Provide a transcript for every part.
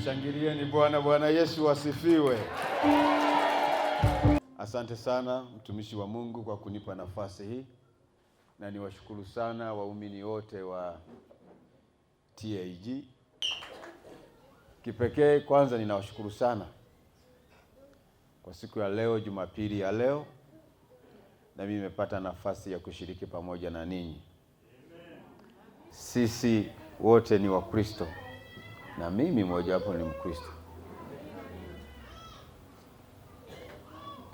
Mshangilieni Bwana. Bwana Yesu wasifiwe Asante sana mtumishi wa Mungu kwa kunipa nafasi hii, na niwashukuru sana waumini wote wa TAG. Kipekee kwanza ninawashukuru sana kwa siku ya leo, Jumapili ya leo, na mimi nimepata nafasi ya kushiriki pamoja na ninyi. Sisi wote ni Wakristo na mimi mojawapo ni Mkristo.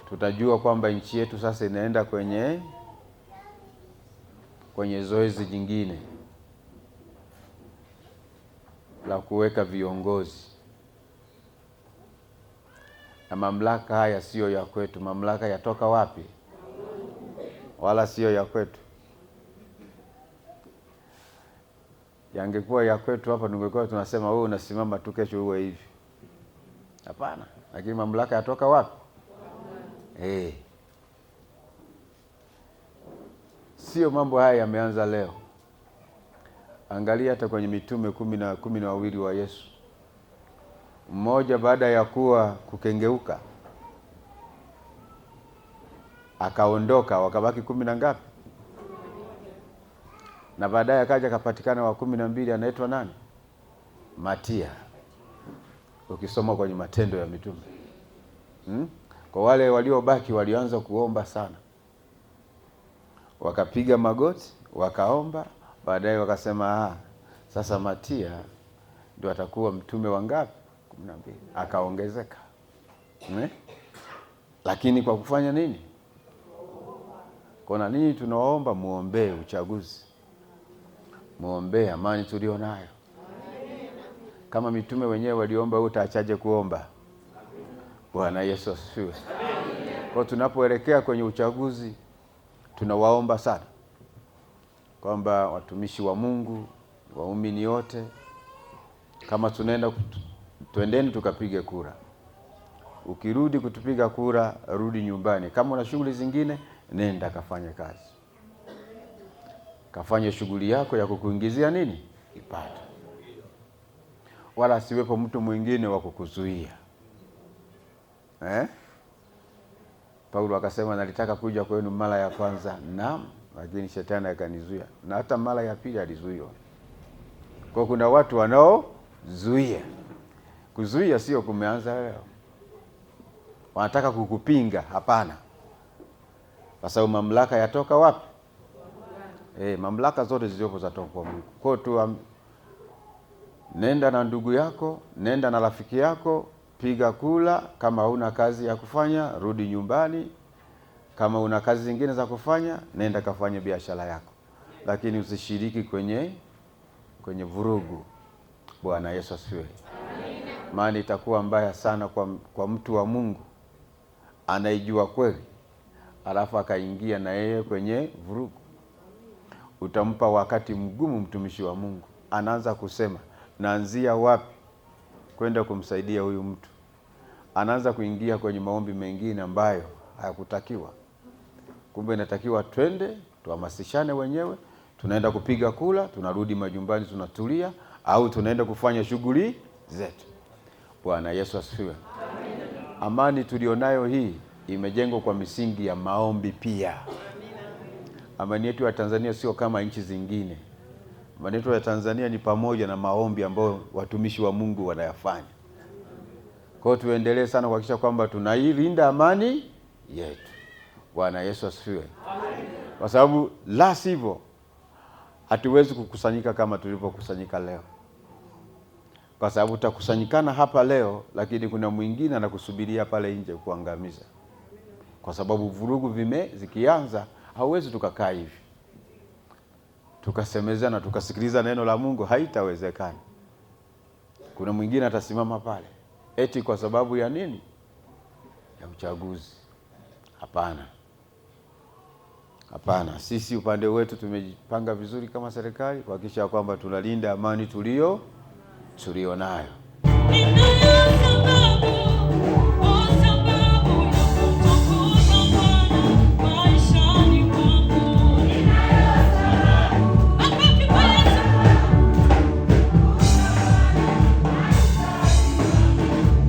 Tutajua kwamba nchi yetu sasa inaenda kwenye kwenye zoezi jingine la kuweka viongozi, na mamlaka haya siyo ya kwetu. Mamlaka yatoka wapi? Wala siyo ya kwetu. yangekuwa ya kwetu hapa, tungekuwa tunasema wewe unasimama tu, kesho uwe hivi. Hapana, lakini mamlaka yatoka wapi? Hey. Eh. Sio mambo haya yameanza leo. Angalia hata kwenye mitume kumi na kumi na wawili wa Yesu, mmoja baada ya kuwa kukengeuka akaondoka, wakabaki kumi na ngapi? na baadaye akaja akapatikana wa kumi na mbili anaitwa nani? Matia, ukisoma kwenye Matendo ya Mitume hmm? Kwa wale waliobaki walianza kuomba sana, wakapiga magoti wakaomba, baadaye wakasema ah, sasa Matia ndio atakuwa mtume wa ngapi? kumi na mbili. Akaongezeka hmm? Lakini kwa kufanya nini? kona nini tunawaomba muombee uchaguzi muombee amani tulio nayo. Kama mitume wenyewe waliomba, wewe utaachaje kuomba? Bwana Yesu asifiwe. Kwa tunapoelekea kwenye uchaguzi, tunawaomba sana kwamba watumishi wa Mungu, waumini wote, kama tunaenda twendeni tukapige kura. Ukirudi kutupiga kura, rudi nyumbani. Kama una shughuli zingine, nenda kafanye kazi kafanye shughuli yako ya kukuingizia nini kipato, wala asiwepo mtu mwingine wa kukuzuia eh? Paulo akasema nalitaka kuja kwenu mara ya kwanza, naam, lakini shetani akanizuia, na hata mara ya pili alizuiwa. Kwa kuna watu wanaozuia. Kuzuia sio kumeanza leo, wanataka kukupinga. Hapana, kwa sababu mamlaka yatoka wapi? e, mamlaka zote zilizopo za kwa Mungu. Kwa hiyo um, nenda na ndugu yako, nenda na rafiki yako, piga kula. Kama huna kazi ya kufanya, rudi nyumbani. Kama una kazi zingine za kufanya, nenda kafanye biashara yako, lakini usishiriki kwenye kwenye vurugu. Bwana Yesu asifiwe. Maana itakuwa mbaya sana kwa, kwa mtu wa Mungu anaijua kweli alafu akaingia na yeye kwenye vurugu utampa wakati mgumu mtumishi wa Mungu. Anaanza kusema naanzia wapi kwenda kumsaidia huyu mtu, anaanza kuingia kwenye maombi mengine ambayo hayakutakiwa. Kumbe inatakiwa twende tuhamasishane wenyewe, tunaenda kupiga kula, tunarudi majumbani, tunatulia au tunaenda kufanya shughuli zetu. Bwana Yesu asifiwe. Amani tulionayo hii imejengwa kwa misingi ya maombi pia amani yetu ya Tanzania sio kama nchi zingine. Amani yetu ya Tanzania ni pamoja na maombi ambayo watumishi wa Mungu wanayafanya. Kwa hiyo tuendelee sana kuhakikisha kwamba tunailinda amani yetu. Bwana Yesu asifiwe, kwa sababu la sivyo hatuwezi kukusanyika kama tulivyokusanyika leo, kwa sababu tutakusanyikana hapa leo, lakini kuna mwingine anakusubiria pale nje kuangamiza, kwa sababu vurugu vime zikianza hauwezi tukakaa hivi tukasemezana tukasikiliza neno la Mungu, haitawezekana. Kuna mwingine atasimama pale eti kwa sababu ya nini? Ya uchaguzi. Hapana, hapana. Sisi upande wetu tumejipanga vizuri kama serikali kuhakikisha kwamba tunalinda amani tulio tulio nayo.